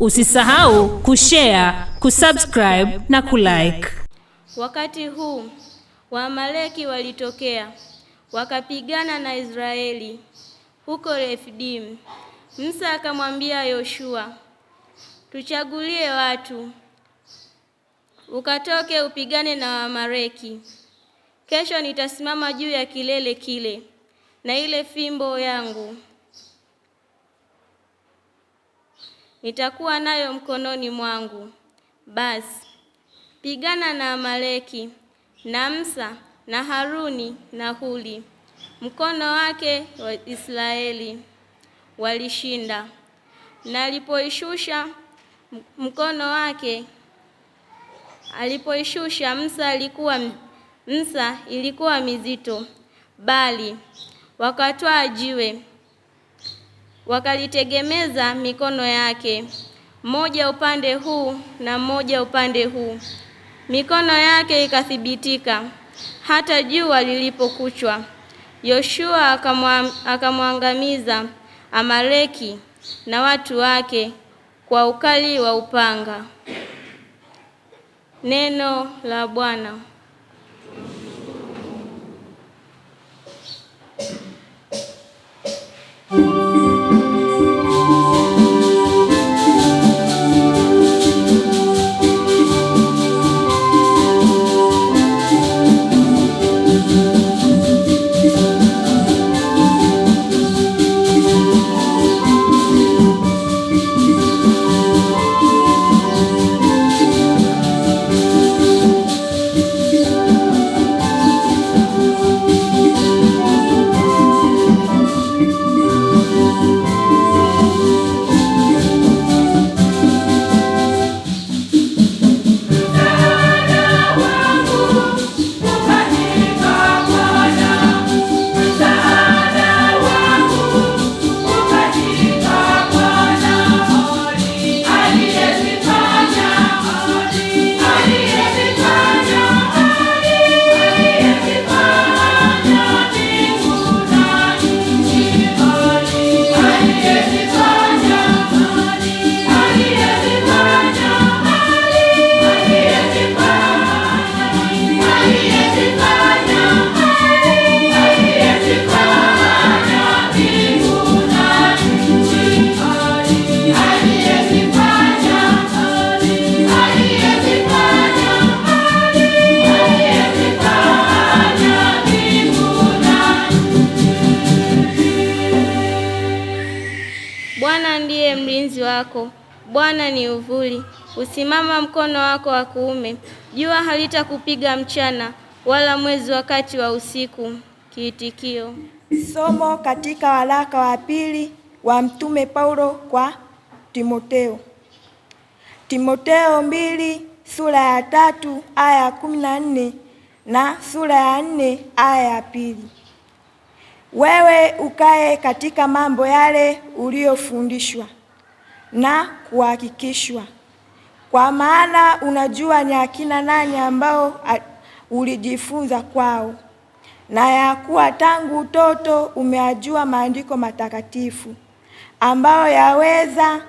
Usisahau kushare, kusubscribe na kulike. Wakati huu Waamaleki walitokea wakapigana na Israeli huko Refidim. Musa akamwambia Yoshua, tuchagulie watu ukatoke upigane na Waamaleki. Kesho nitasimama juu ya kilele kile na ile fimbo yangu nitakuwa nayo mkononi mwangu. Basi pigana na Amaleki na Musa na Haruni na huli mkono wake wa Israeli walishinda, na alipoishusha mkono wake alipoishusha Musa alikuwa Musa ilikuwa mizito, bali wakatwaa jiwe wakalitegemeza mikono yake, mmoja upande huu na mmoja upande huu. Mikono yake ikathibitika hata jua lilipokuchwa. Yoshua akamwangamiza Amaleki na watu wake kwa ukali wa upanga. Neno la Bwana. simama mkono wako wa kuume, jua halitakupiga mchana, wala mwezi wakati wa usiku. Kiitikio: somo katika waraka wa pili wa Mtume Paulo kwa Timoteo. Timoteo mbili sura ya tatu aya ya kumi na nne na sura ya nne aya ya pili. Wewe ukae katika mambo yale uliyofundishwa na kuhakikishwa kwa maana unajua ni akina nani ambao ulijifunza kwao na ya kuwa tangu utoto umeajua maandiko matakatifu ambayo yaweza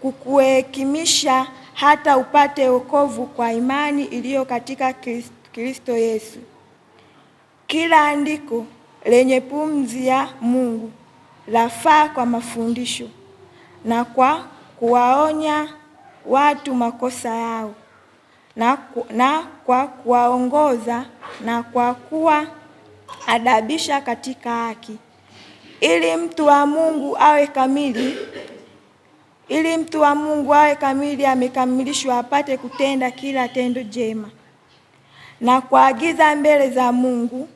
kukuhekimisha hata upate wokovu kwa imani iliyo katika Kristo Yesu. Kila andiko lenye pumzi ya Mungu lafaa kwa mafundisho na kwa kuwaonya watu makosa yao na, ku, na kwa kuwaongoza na kwa kuwa adabisha katika haki, ili mtu wa Mungu awe kamili ili mtu wa Mungu awe kamili, amekamilishwa, apate kutenda kila tendo jema, na kuagiza mbele za Mungu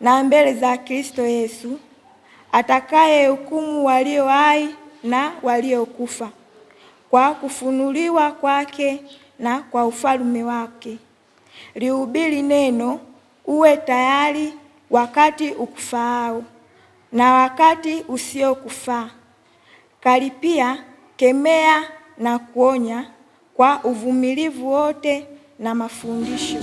na mbele za Kristo Yesu, atakaye hukumu walio hai na waliokufa kwa kufunuliwa kwake na kwa ufalme wake. Lihubiri neno, uwe tayari wakati ukufaao na wakati usiokufaa. Karipia, kemea na kuonya kwa uvumilivu wote na mafundisho.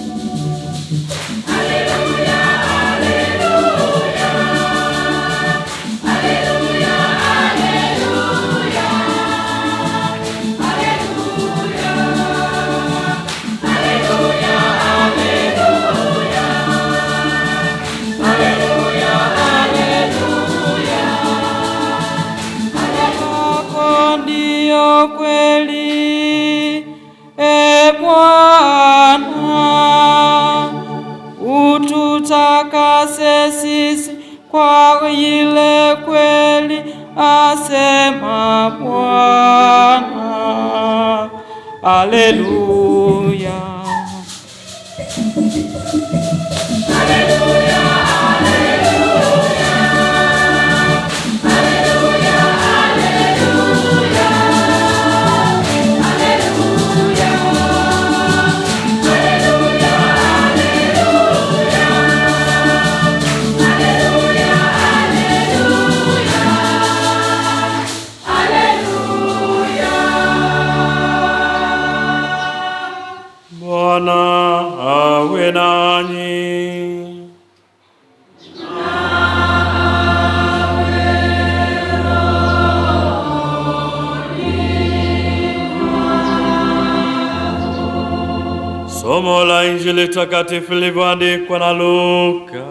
kwa ile kweli, asema Bwana. Haleluya. Somo la Injili takatifu lilivyoandikwa na Luka.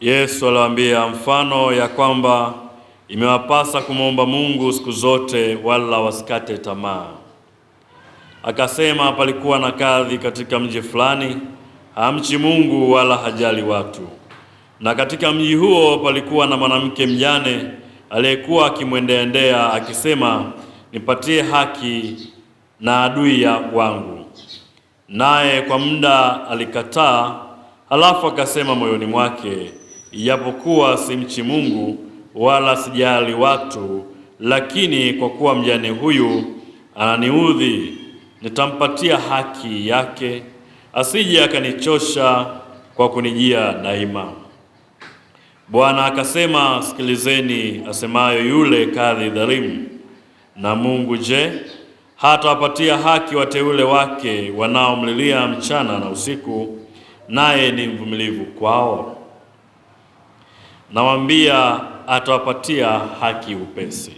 Yesu aliwaambia mfano ya kwamba imewapasa kumwomba Mungu siku zote, wala wasikate tamaa. Akasema palikuwa na kadhi katika mji fulani, hamchi Mungu wala hajali watu. Na katika mji huo palikuwa na mwanamke mjane aliyekuwa akimwendeendea akisema, nipatie haki na adui ya wangu. Naye kwa muda alikataa, halafu akasema moyoni mwake, ijapokuwa simchi Mungu wala sijali watu, lakini kwa kuwa mjane huyu ananiudhi, nitampatia haki yake, asije akanichosha kwa kunijia daima. Bwana akasema, sikilizeni asemayo yule kadhi dhalimu. Na Mungu je, hatawapatia haki wateule wake wanaomlilia mchana na usiku, naye ni mvumilivu kwao? Nawaambia atawapatia haki upesi.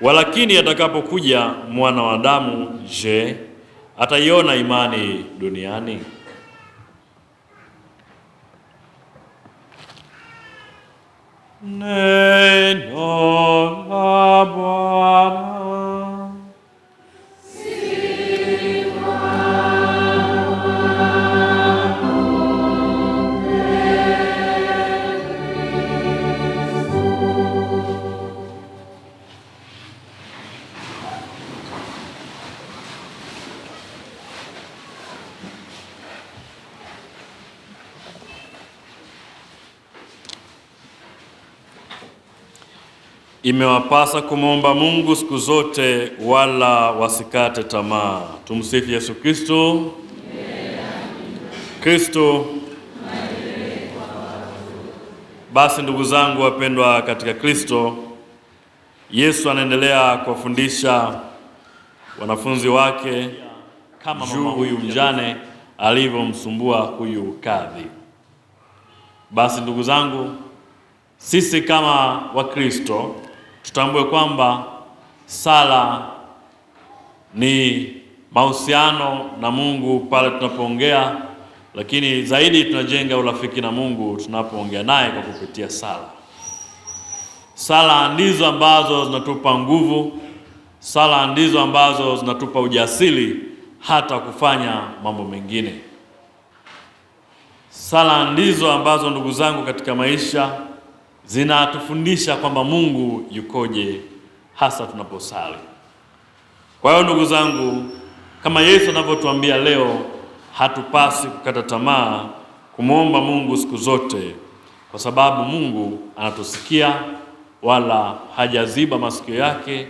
Walakini atakapokuja mwana wa Adamu, je, ataiona imani duniani? Neno la Bwana. imewapasa kumwomba Mungu siku zote, wala wasikate tamaa. Tumsifu Yesu Kristo. Kristo basi, ndugu zangu wapendwa katika Kristo, Yesu anaendelea kuwafundisha wanafunzi wake kama juu huyu mjane alivyomsumbua huyu kadhi. Basi ndugu zangu, sisi kama Wakristo tutambue kwamba sala ni mahusiano na Mungu pale tunapoongea, lakini zaidi tunajenga urafiki na Mungu tunapoongea naye kwa kupitia sala. Sala ndizo ambazo zinatupa nguvu, sala ndizo ambazo zinatupa ujasiri hata kufanya mambo mengine. Sala ndizo ambazo, ndugu zangu, katika maisha zinatufundisha kwamba Mungu yukoje hasa tunaposali. Kwa hiyo ndugu zangu, kama Yesu anavyotuambia leo, hatupasi kukata tamaa kumwomba Mungu siku zote, kwa sababu Mungu anatusikia wala hajaziba masikio yake,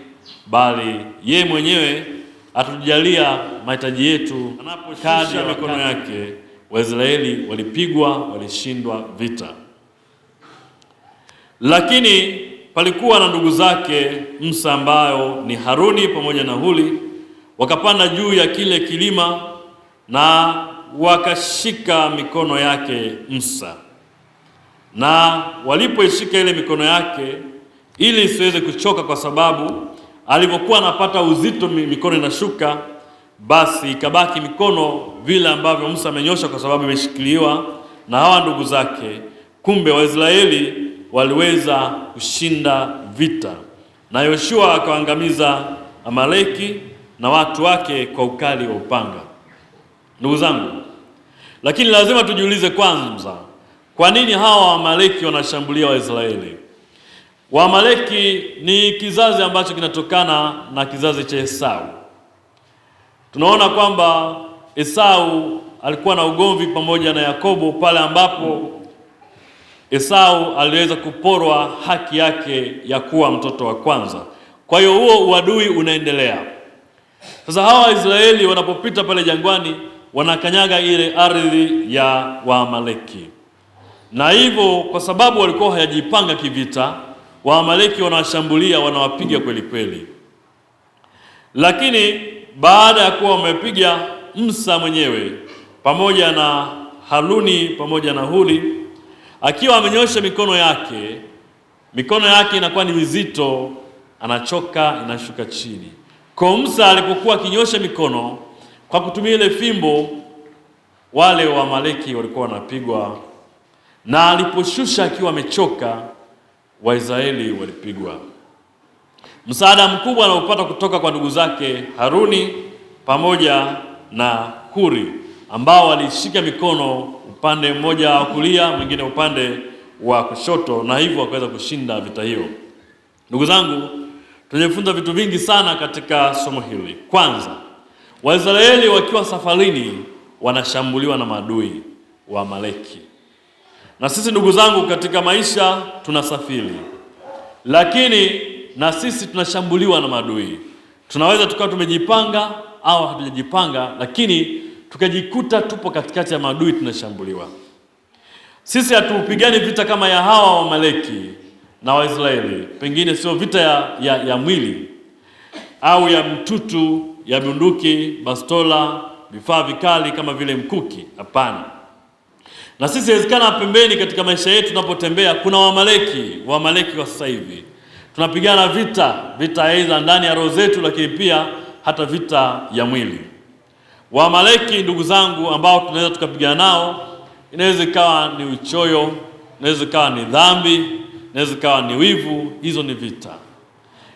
bali ye mwenyewe atujalia mahitaji yetu. Anaposhusha mikono yake, Waisraeli walipigwa, walishindwa vita. Lakini palikuwa na ndugu zake Musa ambayo ni Haruni pamoja na Huli, wakapanda juu ya kile kilima na wakashika mikono yake Musa, na walipoishika ile mikono yake ili isiweze kuchoka, kwa sababu alipokuwa anapata uzito mikono inashuka, basi ikabaki mikono vile ambavyo Musa amenyosha, kwa sababu imeshikiliwa na hawa ndugu zake. Kumbe Waisraeli waliweza kushinda vita, na Yoshua akawaangamiza Amaleki na watu wake kwa ukali wa upanga. Ndugu zangu, lakini lazima tujiulize kwanza, kwa nini hawa Waamaleki wanashambulia Waisraeli? Waamaleki ni kizazi ambacho kinatokana na kizazi cha Esau. Tunaona kwamba Esau alikuwa na ugomvi pamoja na Yakobo pale ambapo Esau aliweza kuporwa haki yake ya kuwa mtoto wa kwanza. Kwa hiyo huo uadui unaendelea. Sasa hawa Waisraeli wanapopita pale jangwani wanakanyaga ile ardhi ya Waamaleki, na hivyo kwa sababu walikuwa hawajipanga kivita, Waamaleki wanawashambulia, wanawapiga kweli kweli. Lakini baada ya kuwa wamepiga Musa mwenyewe pamoja na Haruni pamoja na Huri akiwa amenyosha mikono yake, mikono yake inakuwa ni mizito, anachoka, inashuka chini. Kwa Musa alipokuwa akinyosha mikono kwa kutumia ile fimbo, wale wa Maleki walikuwa wanapigwa, na aliposhusha akiwa amechoka, Waisraeli walipigwa. Msaada mkubwa anaopata kutoka kwa ndugu zake Haruni pamoja na Huri ambao walishika mikono upande mmoja wa kulia, mwingine upande wa kushoto, na hivyo wakaweza kushinda vita hiyo. Ndugu zangu, tunajifunza vitu vingi sana katika somo hili. Kwanza, Waisraeli wakiwa safarini wanashambuliwa na maadui wa Maleki. Na sisi ndugu zangu, katika maisha tunasafiri, lakini na sisi tunashambuliwa na maadui. Tunaweza tukawa tumejipanga au hatujajipanga, lakini tukajikuta tupo katikati ya maadui tunashambuliwa. Sisi hatupigani vita kama ya hawa Wamaleki na Waisraeli, pengine sio vita ya, ya, ya mwili au ya mtutu ya bunduki, bastola, vifaa vikali kama vile mkuki. Hapana, na sisi inawezekana pembeni katika maisha yetu tunapotembea kuna Wamaleki. Wamaleki kwa sasa hivi tunapigana vita vita, aidha ndani ya roho zetu, lakini pia hata vita ya mwili. Waamaleki ndugu zangu, ambao tunaweza tukapigana nao, inaweza ikawa ni uchoyo, inaweza ikawa ni dhambi, inaweza ikawa ni wivu, hizo ni vita.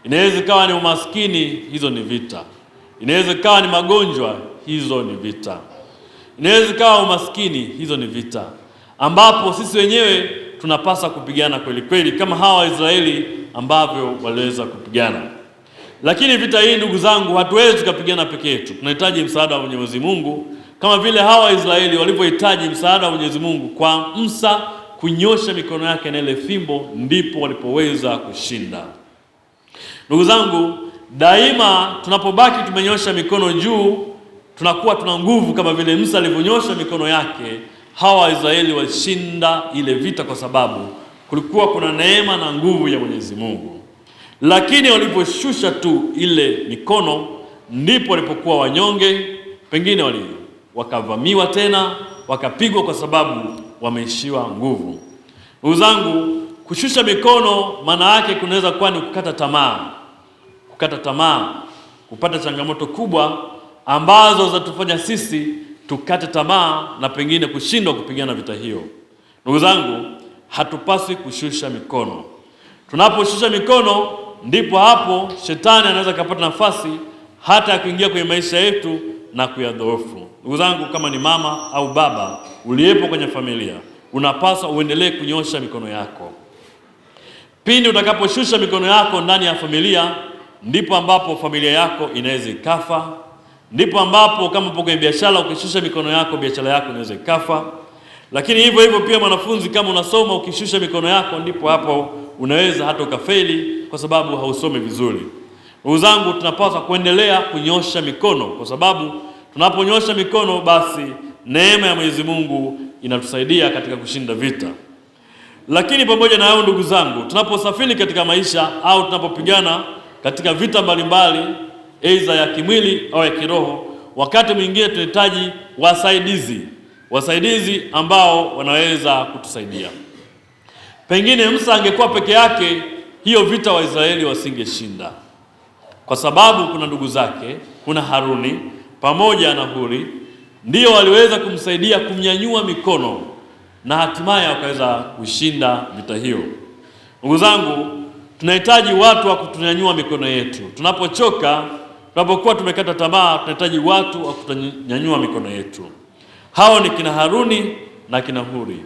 Inaweza ikawa ni umaskini, hizo ni vita. Inaweza ikawa ni magonjwa, hizo ni vita. Inaweza ikawa umaskini, hizo ni vita, ambapo sisi wenyewe tunapasa kupigana kweli kweli, kama hawa Waisraeli ambavyo waliweza kupigana. Lakini vita hii ndugu zangu, hatuwezi tukapigana peke yetu, tunahitaji msaada wa Mwenyezi Mungu, kama vile hawa Israeli walivyohitaji msaada wa Mwenyezi Mungu kwa Musa kunyosha mikono yake na ile fimbo, ndipo walipoweza kushinda. Ndugu zangu, daima tunapobaki tumenyosha mikono juu, tunakuwa tuna nguvu kama vile Musa alivyonyosha mikono yake. Hawa Waisraeli walishinda ile vita kwa sababu kulikuwa kuna neema na nguvu ya Mwenyezi Mungu. Lakini waliposhusha tu ile mikono, ndipo walipokuwa wanyonge, pengine wali wakavamiwa tena, wakapigwa kwa sababu wameishiwa nguvu. Ndugu zangu, kushusha mikono maana yake kunaweza kuwa ni kukata tamaa, kukata tamaa, kupata changamoto kubwa ambazo zinatufanya sisi tukate tamaa na pengine kushindwa kupigana vita hiyo. Ndugu zangu, hatupaswi kushusha mikono. Tunaposhusha mikono ndipo hapo shetani anaweza kupata nafasi hata ya kuingia kwenye maisha yetu na kuyadhoofu. Ndugu zangu, kama ni mama au baba uliyepo kwenye familia, unapaswa uendelee kunyosha mikono yako. Pindi utakaposhusha mikono yako ndani ya familia, ndipo ambapo familia yako inaweza ikafa. Ndipo ambapo kama upo kwenye biashara, ukishusha mikono yako, biashara yako inaweza ikafa. Lakini hivyo hivyo pia, mwanafunzi, kama unasoma ukishusha mikono yako, ndipo hapo unaweza hata ukafeli kwa sababu hausomi vizuri. Ndugu zangu, tunapaswa kuendelea kunyosha mikono, kwa sababu tunaponyosha mikono, basi neema ya Mwenyezi Mungu inatusaidia katika kushinda vita. Lakini pamoja na hayo, ndugu zangu, tunaposafiri katika maisha au tunapopigana katika vita mbalimbali, aidha ya kimwili au ya kiroho, wakati mwingine tunahitaji wasaidizi, wasaidizi ambao wanaweza kutusaidia. Pengine Musa angekuwa peke yake hiyo vita Waisraeli wasingeshinda, kwa sababu kuna ndugu zake, kuna Haruni pamoja na Huri ndio waliweza kumsaidia kumnyanyua mikono na hatimaye wakaweza kushinda vita hiyo. Ndugu zangu, tunahitaji watu wa kutunyanyua mikono yetu tunapochoka, tunapokuwa tumekata tamaa. Tunahitaji watu wa kutunyanyua mikono yetu. Hao ni kina Haruni na kina Huri.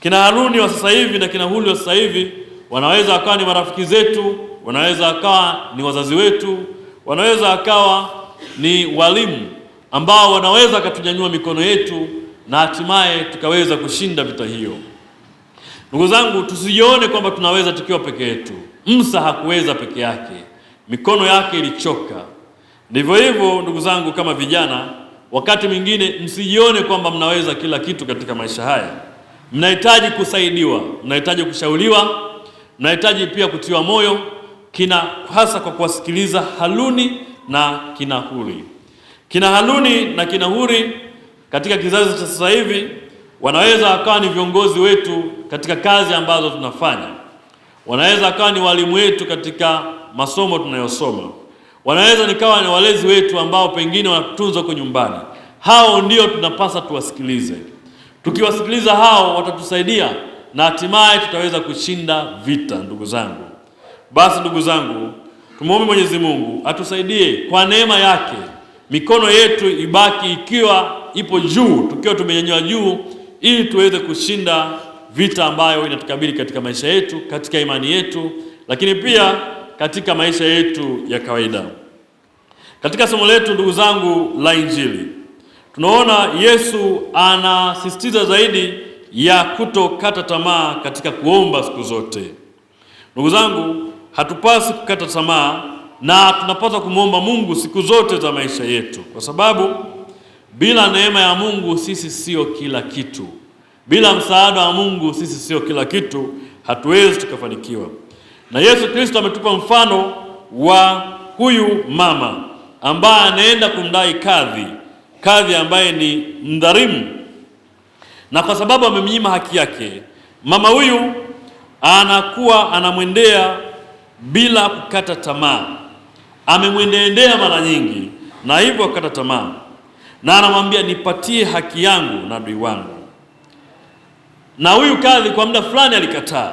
Kina Haruni wa sasa hivi na kina Huri wa sasa hivi wanaweza akawa ni marafiki zetu, wanaweza akawa ni wazazi wetu, wanaweza akawa ni walimu ambao wanaweza wakatunyanyua mikono yetu na hatimaye tukaweza kushinda vita hiyo. Ndugu zangu, tusijione kwamba tunaweza tukiwa peke yetu. Musa hakuweza peke yake, mikono yake ilichoka. Ndivyo hivyo ndugu zangu, kama vijana, wakati mwingine msijione kwamba mnaweza kila kitu katika maisha haya. Mnahitaji kusaidiwa, mnahitaji kushauriwa Mnahitaji pia kutiwa moyo kina hasa kwa kuwasikiliza Haluni na kina Huri. Kina Haluni na kina Huri katika kizazi cha sasa hivi wanaweza akawa ni viongozi wetu katika kazi ambazo tunafanya, wanaweza akawa ni walimu wetu katika masomo tunayosoma, wanaweza nikawa ni walezi wetu ambao pengine wanatutunza huko nyumbani. Hao ndio tunapasa tuwasikilize. Tukiwasikiliza hao watatusaidia na hatimaye tutaweza kushinda vita. Ndugu zangu, basi ndugu zangu, tumwombe Mwenyezi Mungu atusaidie kwa neema yake, mikono yetu ibaki ikiwa ipo juu, tukiwa tumenyanyua juu, ili tuweze kushinda vita ambayo inatukabili katika maisha yetu, katika imani yetu, lakini pia katika maisha yetu ya kawaida. Katika somo letu ndugu zangu la Injili tunaona Yesu anasisitiza zaidi ya kutokata tamaa katika kuomba siku zote. Ndugu zangu, hatupasi kukata tamaa na tunapaswa kumwomba Mungu siku zote za maisha yetu, kwa sababu bila neema ya Mungu sisi sio kila kitu. Bila msaada wa Mungu sisi sio kila kitu, hatuwezi tukafanikiwa. Na Yesu Kristo ametupa mfano wa huyu mama ambaye anaenda kumdai kadhi, kadhi ambaye ni mdhalimu na kwa sababu amemnyima haki yake, mama huyu anakuwa anamwendea bila kukata tamaa. Amemwendeendea mara nyingi na hivyo akukata tamaa, na anamwambia nipatie haki yangu na adui wangu. Na huyu kadhi kwa muda fulani alikataa,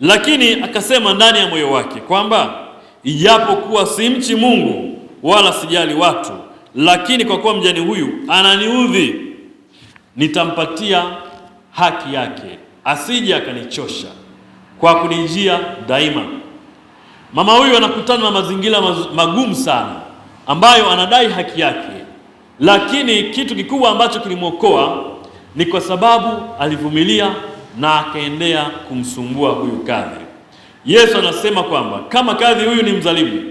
lakini akasema ndani ya moyo wake kwamba ijapokuwa simchi Mungu wala sijali watu, lakini kwa kuwa mjane huyu ananiudhi nitampatia haki yake, asije akanichosha kwa kunijia daima. Mama huyu anakutana na mazingira magumu sana, ambayo anadai haki yake, lakini kitu kikubwa ambacho kilimwokoa ni kwa sababu alivumilia na akaendea kumsumbua huyu kadhi. Yesu anasema kwamba kama kadhi huyu ni mzalimu,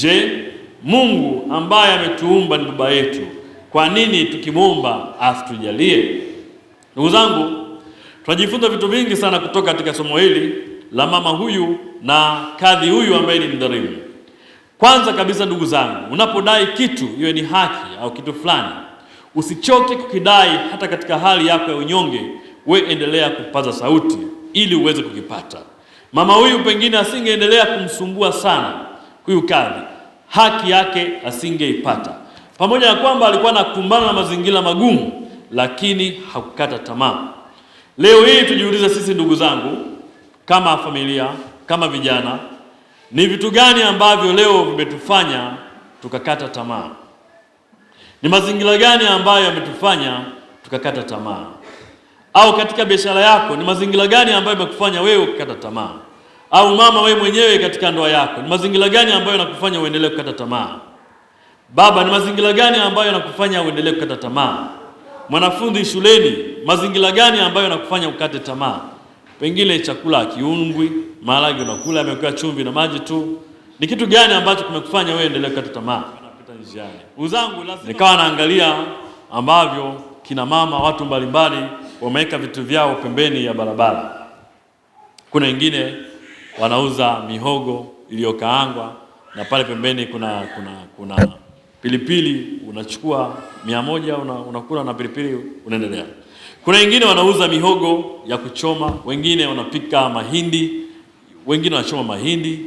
je, Mungu ambaye ametuumba ni baba yetu kwa nini tukimwomba asitujalie? Ndugu zangu, tunajifunza vitu vingi sana kutoka katika somo hili la mama huyu na kadhi huyu ambaye ni mdhalimu. Kwanza kabisa, ndugu zangu, unapodai kitu, iwe ni haki au kitu fulani, usichoke kukidai. Hata katika hali yako ya unyonge, we endelea kupaza sauti ili uweze kukipata. Mama huyu pengine asingeendelea kumsumbua sana huyu kadhi, haki yake asingeipata pamoja na kwamba alikuwa anakumbana na mazingira magumu, lakini hakukata tamaa. Leo hii tujiulize sisi, ndugu zangu, kama familia, kama vijana, ni vitu gani ambavyo leo vimetufanya tukakata tamaa? Ni mazingira gani ambayo yametufanya tukakata tamaa? Au katika biashara yako ni mazingira gani ambayo yamekufanya wewe ukakata tamaa? Au mama, wewe mwenyewe katika ndoa yako ni mazingira gani ambayo yanakufanya uendelee kukata tamaa? Baba, ni mazingira gani ambayo yanakufanya uendelee kukata tamaa? Mwanafunzi shuleni, mazingira gani ambayo yanakufanya ukate tamaa? Pengine chakula hakiungwi, maharage unakula yamewekewa chumvi na maji tu. Ni kitu gani ambacho kimekufanya wewe endelee kukata tamaa? Uzangu lazima nikawa naangalia ambavyo kina mama, watu mbalimbali wameweka vitu vyao pembeni ya barabara. Kuna wengine wanauza mihogo iliyokaangwa na pale pembeni kuna kuna kuna pilipili unachukua mia moja una, unakula na pilipili unaendelea. Kuna wengine wanauza mihogo ya kuchoma, wengine wanapika mahindi, wengine wanachoma mahindi,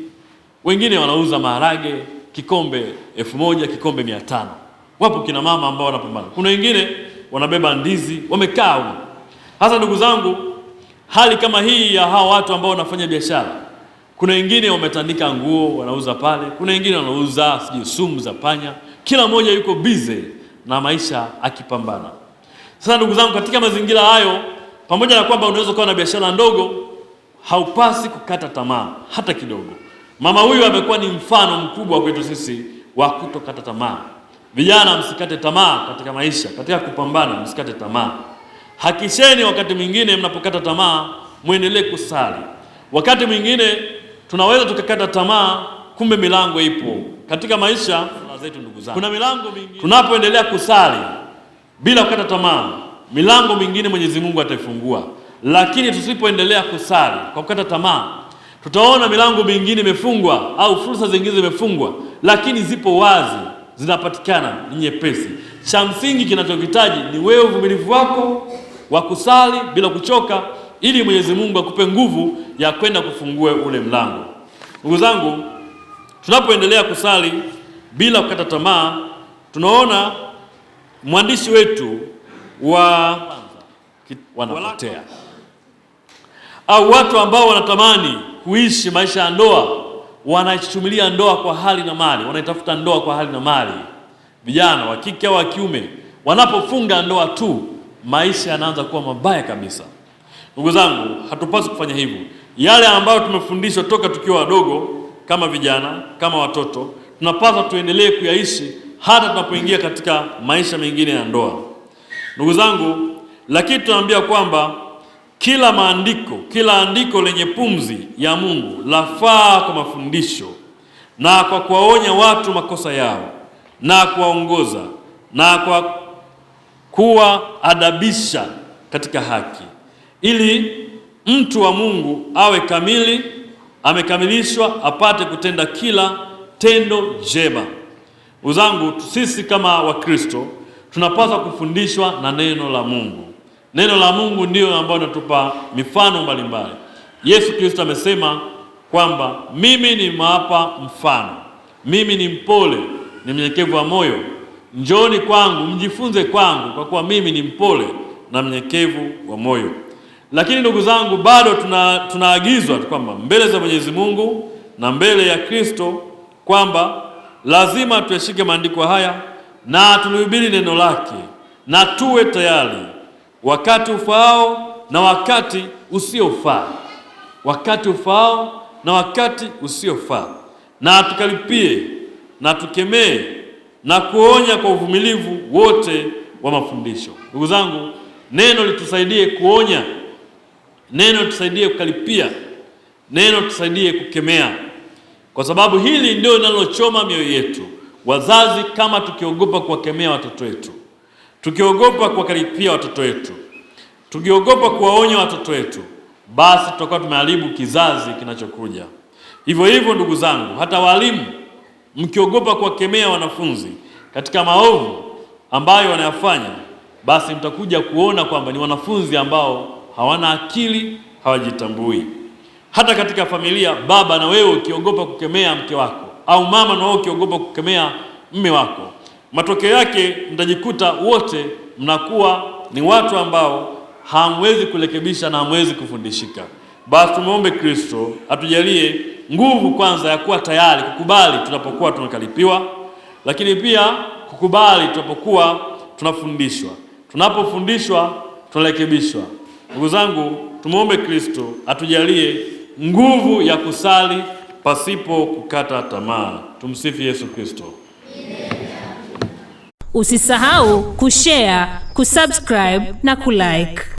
wengine wanauza maharage kikombe elfu moja kikombe mia tano Wapo kina mama ambao wanapambana. Kuna wengine wanabeba ndizi wamekaa huko. Hasa ndugu zangu, hali kama hii ya hawa watu ambao wanafanya biashara, kuna wengine wametandika nguo wanauza pale, kuna wengine wanauza sijui sumu za panya kila mmoja yuko bize na maisha akipambana. Sasa ndugu zangu, katika mazingira hayo, pamoja na kwamba unaweza kuwa na biashara ndogo, haupasi kukata tamaa hata kidogo. Mama huyu amekuwa ni mfano mkubwa kwetu sisi wa kutokata tamaa. Vijana, msikate tamaa katika maisha, katika kupambana, msikate tamaa. Hakisheni wakati mwingine mnapokata tamaa, mwendelee kusali. Wakati mwingine tunaweza tukakata tamaa, kumbe milango ipo katika maisha zetu, ndugu zangu. Kuna milango mingine tunapoendelea kusali bila kukata tamaa, milango mingine Mwenyezi Mungu ataifungua, lakini tusipoendelea kusali kwa kukata tamaa, tutaona milango mingine imefungwa au fursa zingine zimefungwa, lakini zipo wazi, zinapatikana, ni nyepesi. Cha msingi kinachohitaji ni wewe uvumilivu wako wa kusali bila kuchoka, ili Mwenyezi Mungu akupe nguvu ya kwenda kufungua ule mlango. Ndugu zangu, tunapoendelea kusali bila kukata tamaa. Tunaona mwandishi wetu wa wanapotea au watu ambao wanatamani kuishi maisha ya ndoa wanachumilia ndoa kwa hali na mali, wanaitafuta ndoa kwa hali na mali. Vijana wa kike au wa kiume wanapofunga ndoa tu, maisha yanaanza kuwa mabaya kabisa. Ndugu zangu, hatupaswi kufanya hivyo. Yale ambayo tumefundishwa toka tukiwa wadogo, kama vijana, kama watoto tunapaswa tuendelee kuyaishi hata tunapoingia katika maisha mengine ya ndoa. Ndugu zangu, lakini tunaambia kwamba kila maandiko, kila andiko lenye pumzi ya Mungu lafaa kwa mafundisho na kwa kuwaonya watu makosa yao na kuwaongoza na kwa kuwaadabisha katika haki, ili mtu wa Mungu awe kamili, amekamilishwa, apate kutenda kila tendo jema. Uzangu, sisi kama Wakristo tunapaswa kufundishwa na neno la Mungu. Neno la Mungu ndiyo ambayo inatupa mifano mbalimbali. Yesu Kristo amesema kwamba mimi ni mwapa mfano, mimi ni mpole, ni mnyenyekevu wa moyo, njooni kwangu mjifunze kwangu, kwa kuwa mimi ni mpole na mnyenyekevu wa moyo. Lakini ndugu zangu, bado tunaagizwa kwamba mbele za Mwenyezi Mungu na mbele ya Kristo kwamba lazima tuyashike maandiko haya na tulihubiri neno lake na tuwe tayari wakati ufaao na wakati usiofaa, wakati ufaao na wakati usiofaa, na tukalipie na tukemee na kuonya kwa uvumilivu wote wa mafundisho. Ndugu zangu, neno litusaidie kuonya, neno litusaidie kukalipia, neno litusaidie kukemea kwa sababu hili ndio linalochoma mioyo yetu. Wazazi kama tukiogopa kuwakemea watoto wetu, tukiogopa kuwakaripia watoto wetu, tukiogopa kuwaonya watoto wetu, basi tutakuwa tumeharibu kizazi kinachokuja. Hivyo hivyo, ndugu zangu, hata walimu mkiogopa kuwakemea wanafunzi katika maovu ambayo wanayafanya, basi mtakuja kuona kwamba ni wanafunzi ambao hawana akili, hawajitambui. Hata katika familia, baba na wewe ukiogopa kukemea mke wako, au mama na wewe ukiogopa kukemea mme wako, matokeo yake mtajikuta wote mnakuwa ni watu ambao hamwezi kurekebisha na hamwezi kufundishika. Basi tumwombe Kristo atujalie nguvu kwanza ya kuwa tayari kukubali tunapokuwa tunakalipiwa lakini pia kukubali tunapokuwa tunafundishwa. Tunapofundishwa tunarekebishwa. Ndugu zangu, tumwombe Kristo atujalie nguvu ya kusali pasipo kukata tamaa. Tumsifu Yesu Kristo. Usisahau kushare, kusubscribe na kulike.